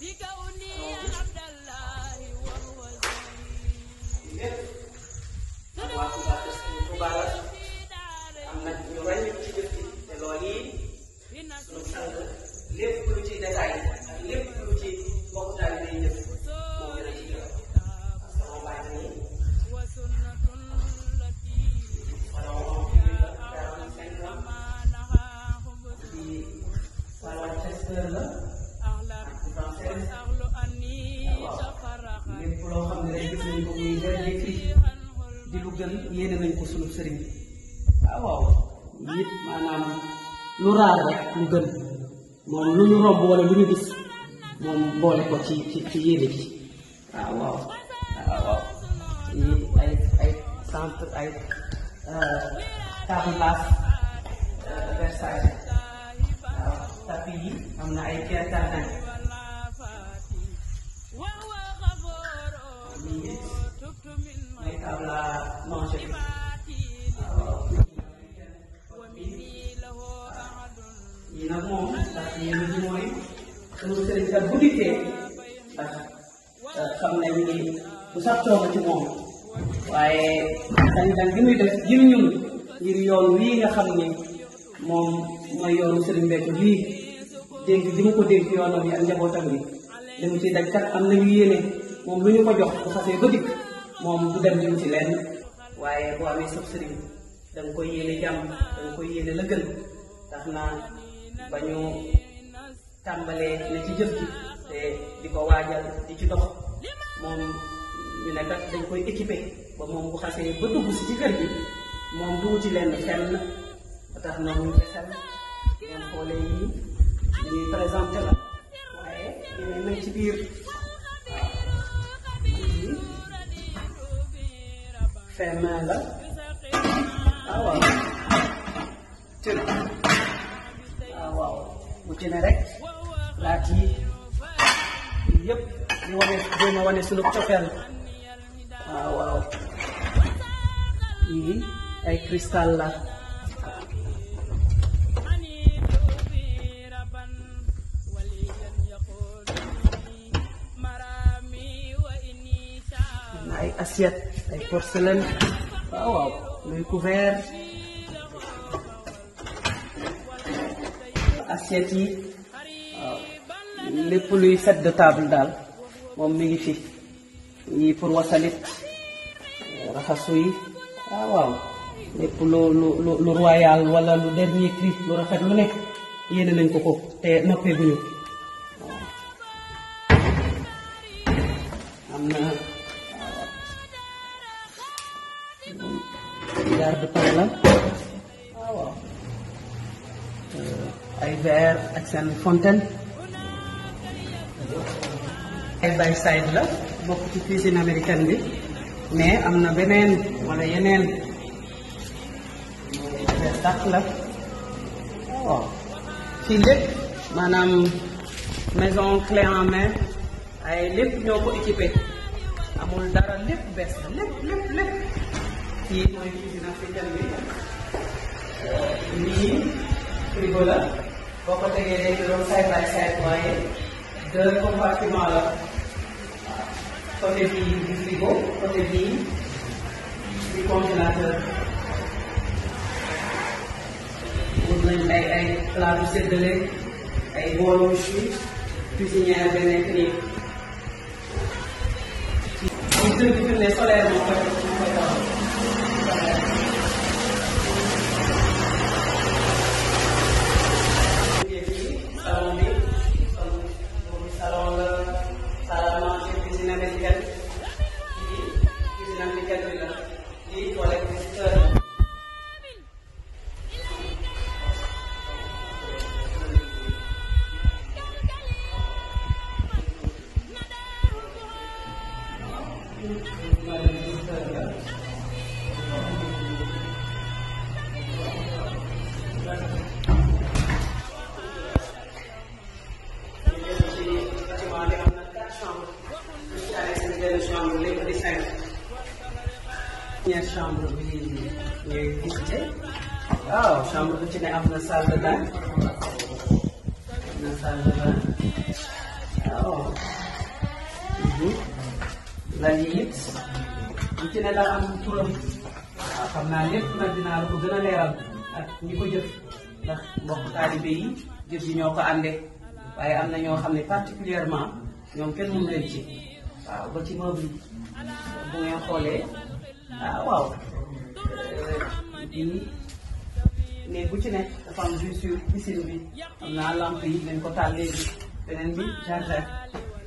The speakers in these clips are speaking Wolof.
بكوني عبد الله وهو زين yéene nañ ko sunu sëriñ bi ah, waaw waaw it maanaam lu raar lu gën moom lu ñu romb wala lu ñu gis moom boole ko ci ci ci yéene ji ah, waaw ah, waaw waaw waaw ay ay centre ay euh, table basse euh, Versailles waaw tapis yi am na ay kertandañ ñu mujj mooy sunu sëriñ kat bu dikkee ndax xam nañ bu sax toog ci moom waaye sañ-sañ gi muy def jëm yoon wii nga xam ni moom mooy yoonu ko dénk yoonam yi ak njabootam yi li mu yéene moom lu ñu ko jox bu xasee ba dikk moom du dem jëm ci lenn waaye boo amee sab sëriñ da nga koy yéene jàmm da nga koy yéene la gën tax naa ba ñu tàmbalee ne ci jëf ji te di ko waajal di ci dox moom ñu ne kat dañ koy équipé ba moom bu xasee ba dugg si ci kër gi moom du wuti leen fenn ba tax na ñu ci biir ferme la ah, waaw ah, waaw bu ci rek. laati yëpp di wane jéem a wane sunu cofeel waaw waaw yii ay cristal la ay assiette ay porcelaine waaw waaw luy couvert lépp luy set de table daal moom mi ngi fi yii pour wasalit raxasu yi waaw ah, waaw lépp lu lu lu royal wala lu dernier cri lu rafet lu nekk yéene nañ ko ko te noppee bu ñu am na garde de pare ah, waaw euh, ay verre ak seen fontaine ay bay side la bokk ci cuisine américaine bi mais am na beneen wala yeneen sax la waaw oh. ci lépp maanaam maison clé en ay lépp ñoo ko équipé amul dara lépp bees la lépp lépp lépp kii mooy cuisine africaine bi lii frigo la boo ko tegee day doon side by side waaye deux compartiment la côté bi du frigo côté bi du congélateur wut nañ ay ay plat bu séddale ay boolu chu cuisinière bi nekk nii. ci service ne solaire moo koy waaw chambre bu ci am na salle de bain am na salle de bain waaw lal yi it bu ci ne daal am turam waaw ah, xam naa lépp nag dinaa la ko gën a ak ñi ko jëf ndax mbokk taalibe yi jëf ji ñoo ko ànde waaye am na ñoo xam ne particulièrement ñoom kenn mënu leen ci waaw ah, ba ci meuble bu ngeen xoolee ah waaw eh, mais bu ci ne dafa am vissure piscine bi am naa lamp yi dañ ko taal léegi beneen bi jardin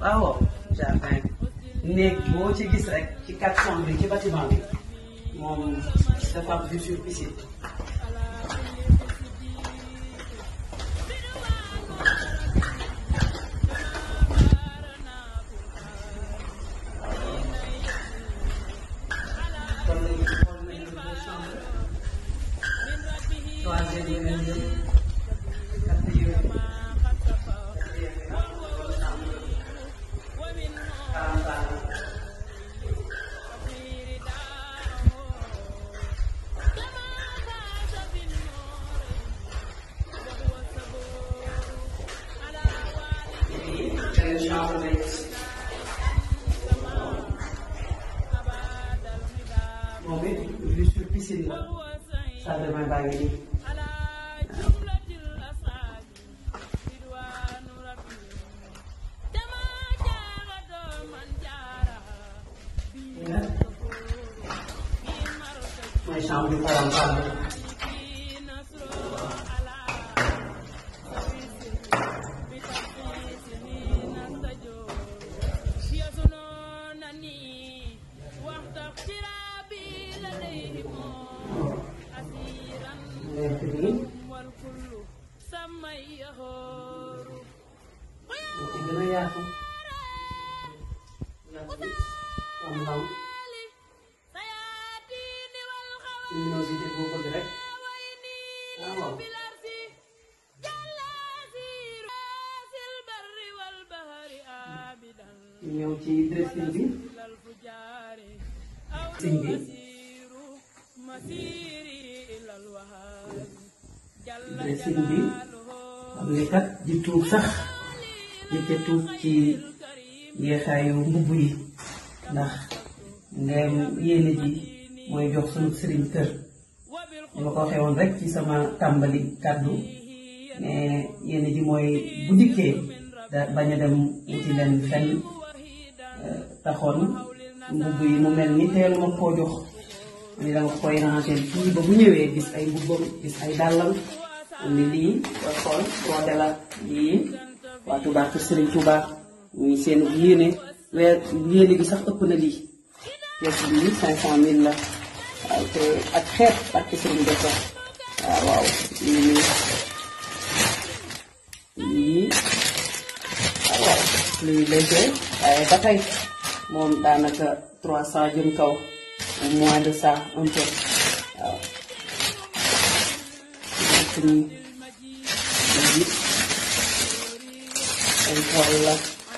waaw jardin néeg boo ci gis rek ci quatre chambre bi ci bâtiment bi moom moom it je suis piscine salle de bain baa ngi nii am ndam luminosité boo bëgg rek waaw waaw ñëw ci dressing bi dressing bi dressing bi xam ne kat di tuub sax di tuub ci yeexaayu mbubb yi ndax ndem yéene ji mooy jox suñu sëriñ kër ñu ma ko waxee rek ci sama tàmbali kàddu mais yéene ji mooy bu dikkee bañ a dem wuti leen taxoon mbubb yi mu mel ni teelu ma koo jox ni danga koy ranger fii ba bu ñëwee gis ay mbubbam gis ay dàllam ni lii koy xool roode la lii waa Touba kër Sëriñ Touba muy seen yéene weer yéene gi sax ëpp na lii yokk la ak xeet parce que sëriñ sax waaw lii nii lii nii moom daanaka trois cent jëm kaw au de ça un waaw yokk nii lii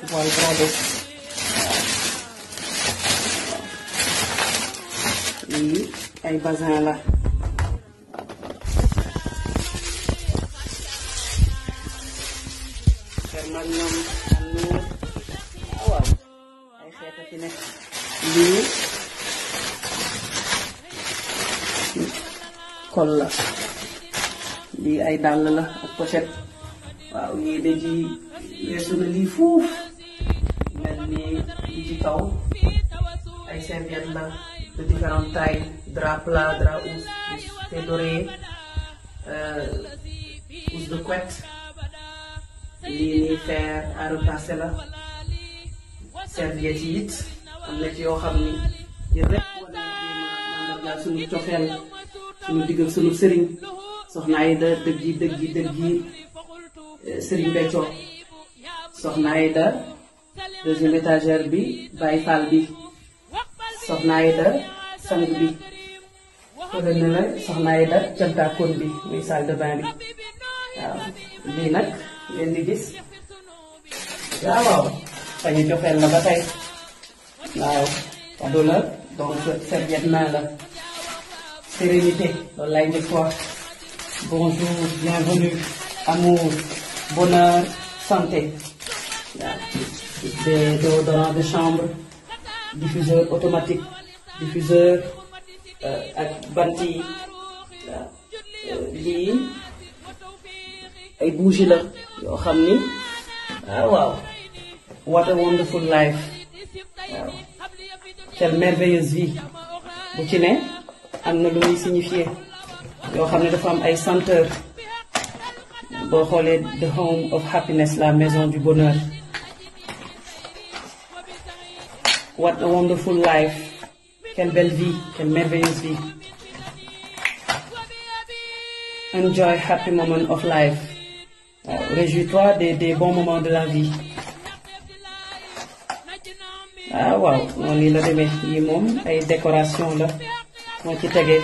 ay voile lii ay basin la permanent alluur waaw ay xeeta ci nekk lii kol la lii ay dàll la ak pochette waaw yii da ji lii fuuf mel ni li ci kaw ay serviette la différentes tailles drap plat e, drap housse housse fédorée lii nii fer à la serviette yi it am yoo xam ni suñu cofeel suñu digg suñu sëriñ soxna yi da dëgg yi dëgg yi dëgg yi e, soxna yi da deuxième étagère bi Baye Fall bi soxna yi da sang bi fële na la soxna da cantaakoon bi muy salle de bain lii nag ngeen gis waaw waaw fañu joxeel la ba waaw kado la donc serviette naa la sérénité loolu lay njëkk wax bonjour bienvenue amour bonheur santé waaw déodorant de chambre diffuseur automatique diffuseur euh, ak bant euh, lii ay bougie la yoo xam ni ah waaw what a wonderful life waaw quelle vie bu ci ne am na lu muy signifié yoo xam ne dafa am ay senteur boo xoolee the home of happiness la maison du bonheur what a wonderful life Quelle belle vie, quelle merveilleuse vie. Enjoy happy moment of life. Euh, réjouis-toi des, des bons moments de la vie. ah waaw noonu la demee yii moom ay décoration la moo ci tegee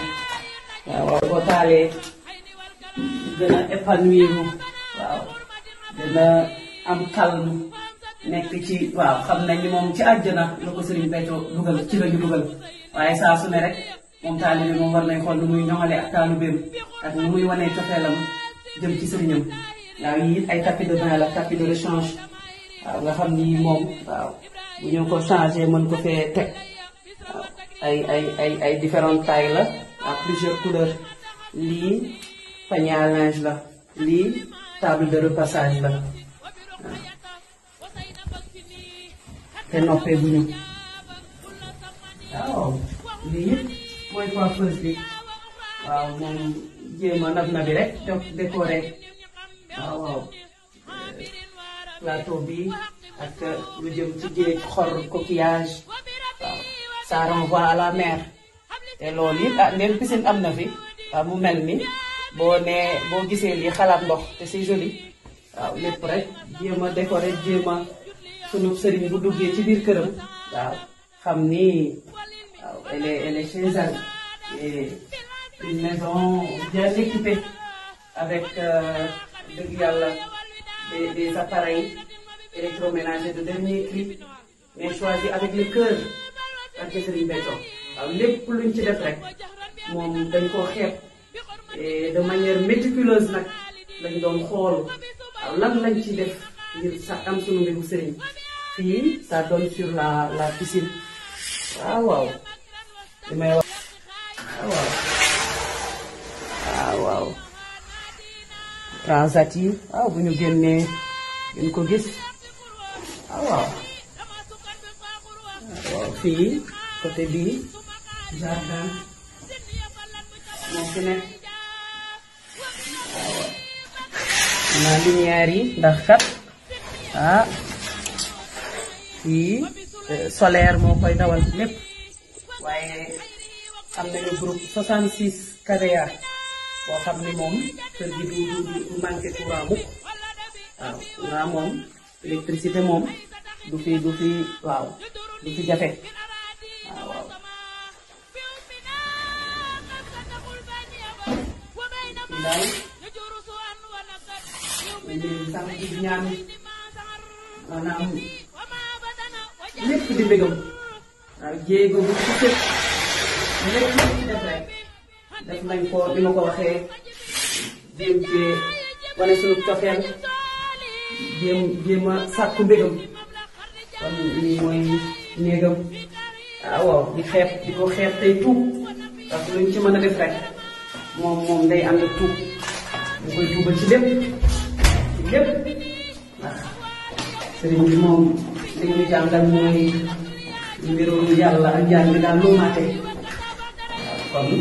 waaw ah, waaw boo taalee gën a épanouir waaw gën a am calme nekk ci waaw xam nañ ni moom ci àjjana la ko Serigne Béthio dugal ci la ñu waaye saa su rek moom taalibe moom war nay xool nu muy ñoŋale ak taalibeem ak nu muy wanee cofeelam jëm ci sëriñam waaw ay tapis de la tapis de rechange waaw nga xam ni moom waaw ñu ko changé mën ko fee teg waaw ay ay ay ay différentes la à plusieurs couleurs lii panier la lii table de repassage la te noppee bu ñu waaw oh, lii yëpp mooy coiffeuse bi waaw moom jéem nab na bi rek toog décoré waaw waaw euh, plateau bi ak lu jëm ci géej xor coquillage waaw ça renvoie à mer te loolu it ah ndeen piscine am na fi waaw mu mel ni boo nee boo gisee lii xalaat ndox te c'est joli waaw lépp rek jéem décoré jéem a sëriñ bu duggee ci biir këram waaw xam ni waaw elle est elle est chez elle et une maison bien équipée avec dëgg euh, yàlla des des appareils électroménagers de dernier cri mais choisi avec le cœur ak Serigne Béthio waaw lépp luñ ci def rek moom dañ koo xeeb de manière méticuleuse nag lañ doon xool waaw lan ci def ngir sax am sunu mbiru Serigne fii ça donne la la waaw waaw li may wax waaw yi waaw bu ñu ko gis waaw waaw waaw fii côté bii jardin fi ndax ah, Eh, solaire moo koy dawal lépp waaye am nañu groupe 66 KVA boo xam ni moom kër gi du du manqué courant mukk waaw courant moom électricité moom du fi du fi waaw du fi jafe waaw waaw. daal léegi sax di ñaan maanaam. lépp di mbégam waaw jéego bu ci sëf lépp lu ci def rek def nañ ko bi ma ko waxee jéem cee wane suñu cofeel jéem jéem a sàkku mbégam kon lii mooy néegam ah waaw di xeet di ko xeet tey tuub parce que luñ ci mën a def rek moom moom day ànd ak tuub da koy tuubal ci lépp ci lépp ndax sëriñ bi moom li ñu jàngal mooy mbirum yàlla ak jàng daal lu mate waaw kon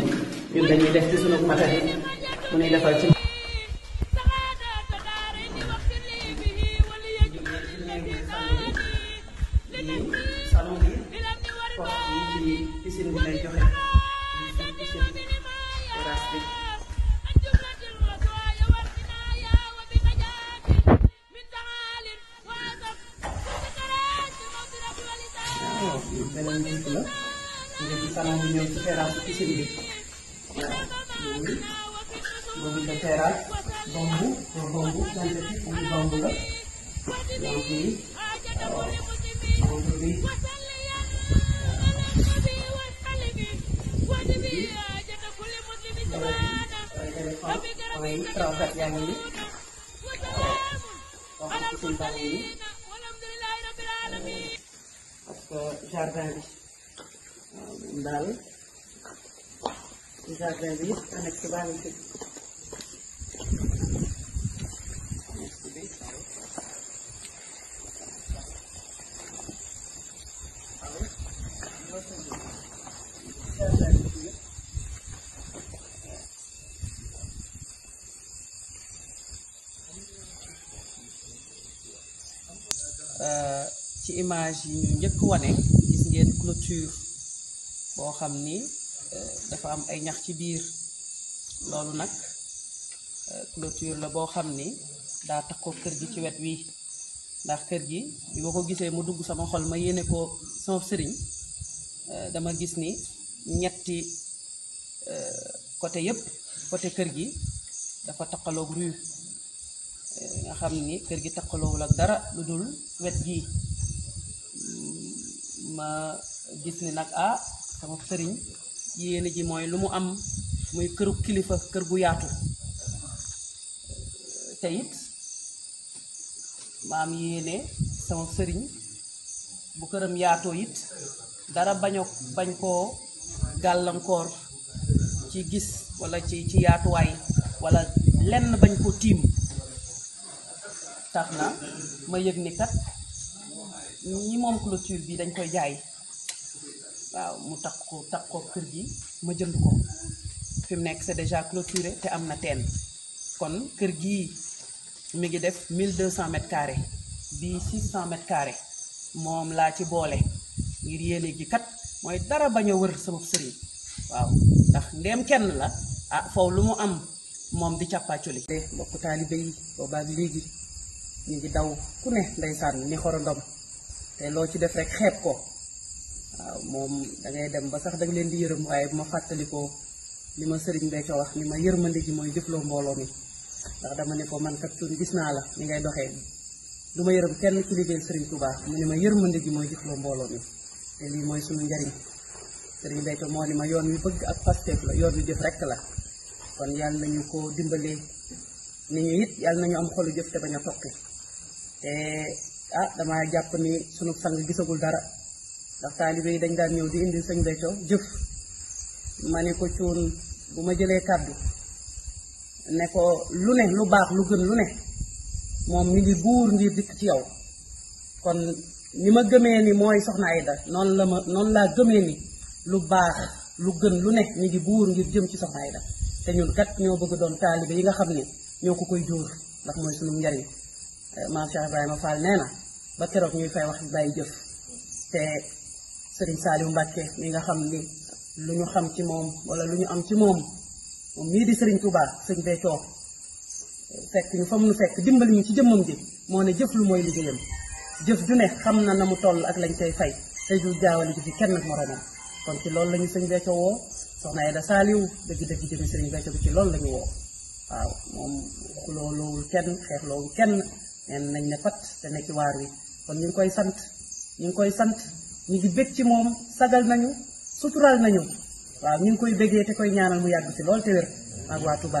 ñun dañuy def ci sunu matari mu ñuy defal ci bi waaye transat yaa ngi nii parce que jardin bi euh, daal jardin bi annexe baa ngi fi Euh, ci image yi njëkk wane gis ngeen clôture boo xam ni euh, dafa am ay ñax ci biir loolu nag euh, clôture la boo xam ni daa tax ko kër gi ci wet wi ndax kër gi bi ma ko gisee mu dugg sama xol ma yéene ko sama sëriñ dama gis ni ñetti côté yépp côté kër gi dafa taqaloog rue nga xam ni kër gi takkaloowul ak dara lu dul wet gi mm, ma gis ni nag ah sama sëriñ yéene ji mooy lu mu am muy këru kilifa kër gu yaatu te it ma yéene sama sëriñ bu këram yaatoo it dara bañoo bañ koo gàllankoor ci gis walla ci ci yaatuwaay wala lenn bañ ko tiim tax na ma yëg ni kat ñi moom clôture bi dañ koy jaay waaw mu tax ko tax ko kër gi ma jënd ko fi mu nekk c'est déjà clôturé te am na teen kon kër gi mi ngi def mille cent 1200 mètres bi bii 600 mètres carrés moom laa ci boole ngir yéene gi kat mooy dara bañ a wër sama sëriñ waaw ndax ndeem kenn la ah foofu lu mu am moom di càppaaculi mbokku taalibe yi boobaak léegi ñu ngi daw ku ne ndeysaan ni xorondom te loo ci def rek xeeb ko waaw moom dangay dem ba sax danga leen di yërëm waaye bu ma fàttalikoo li ma sëriñ Béthio wax ni ma yërmande ji mooy jëfloo mbooloo mi ndax dama ne ko man kat suñ gis naa la ni ngay doxee du ma yërëm kenn ku liggéeyal sëriñ Touba mu ne ma yërmande ji mooy jëfloo mbooloo mi te lii mooy suñu njariñ sëriñ Béthio moo ni ma yoon wi bëgg ak pasteef la yoon wi jëf rek la kon yàlla nañu ko dimbalee ni ñu it yàlla nañu am xolu jëf te bañ a toqi te ah damaa jàpp ni sunu sang gisagul dara ndax taalibe yi dañ daan ñëw di indi sañ Béthio jëf ma ne ko cuun bu ma jëlee kàddu ne ko lu ne lu baax lu gën lu ne moom mi ngi guur yow kon ni ma gëmee ni mooy soxna noonu la ma noonu laa gëmee ni lu baax lu gën lu ne mi ngi buur ngir jëm ci soxna Aida te ñun kat ñoo bëgg doon taalibe yi nga xam ne ñoo ko koy jóor ndax mooy sunu njariñ maam Cheikh Ibrahima Fall nee na ba keroog ñuy fay wax bàyyi jëf te sëriñ Saliou Mbacke mi nga xam ni lu ñu xam ci moom wala lu ñu am ci moom moom mii di sëriñ Touba sëñ Béthio fekk ñu fa mu fekk dimbali ñu ci jëmmam ji moo ne jëf lu mooy liggéeyam jëf ju ne xam na na mu toll ak lañ cay fay te du jaawale ji fi kenn ak moroomam kon ci loolu la sëñ Béthio woo soxna Aida Saliou dëgg-dëgg jëmi sëriñ ci loolu lañu woo waaw moom xuloolowul kenn xeexloowul kenn neen nañ ne fat te ne ci waar wi kon ñu ngi koy sant ñu ngi koy sant ñu ngi bég ci moom sagal nañu sutural nañu waaw ñu ngi koy bégee te koy ñaanal mu yàgg si lool te wér ak waa Touba